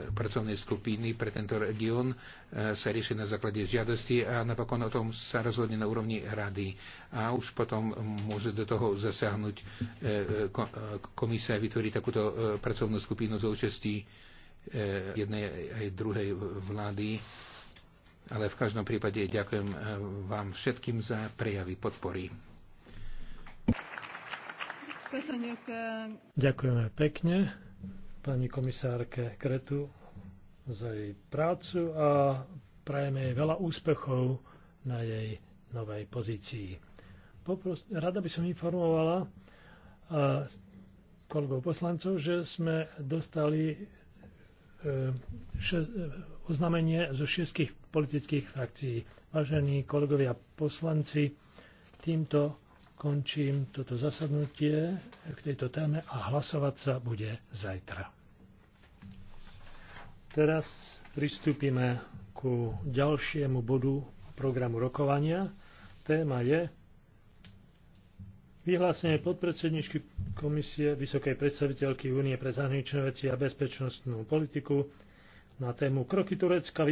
pracovnej skupiny pre tento región sa rieši na základe žiadosti a napokon o tom sa rozhodne na úrovni rady. A už potom môže do toho zasiahnuť komisia vytvoriť takúto pracovnú skupinu za účastí jednej aj druhej vlády. Ale v každom prípade ďakujem vám všetkým za prejavy podpory. Ďakujeme pekne pani komisárke Kretu za jej prácu a prajeme jej veľa úspechov na jej novej pozícii. Popros- rada by som informovala kolegov poslancov, že sme dostali e, oznámenie zo šiestich politických frakcií. Vážení kolegovia poslanci, týmto končím toto zasadnutie k tejto téme a hlasovať sa bude zajtra. Teraz pristúpime ku ďalšiemu bodu programu rokovania. Téma je vyhlásenie podpredsedničky Komisie Vysokej predstaviteľky Únie pre zahraničné veci a bezpečnostnú politiku na tému kroky Turecka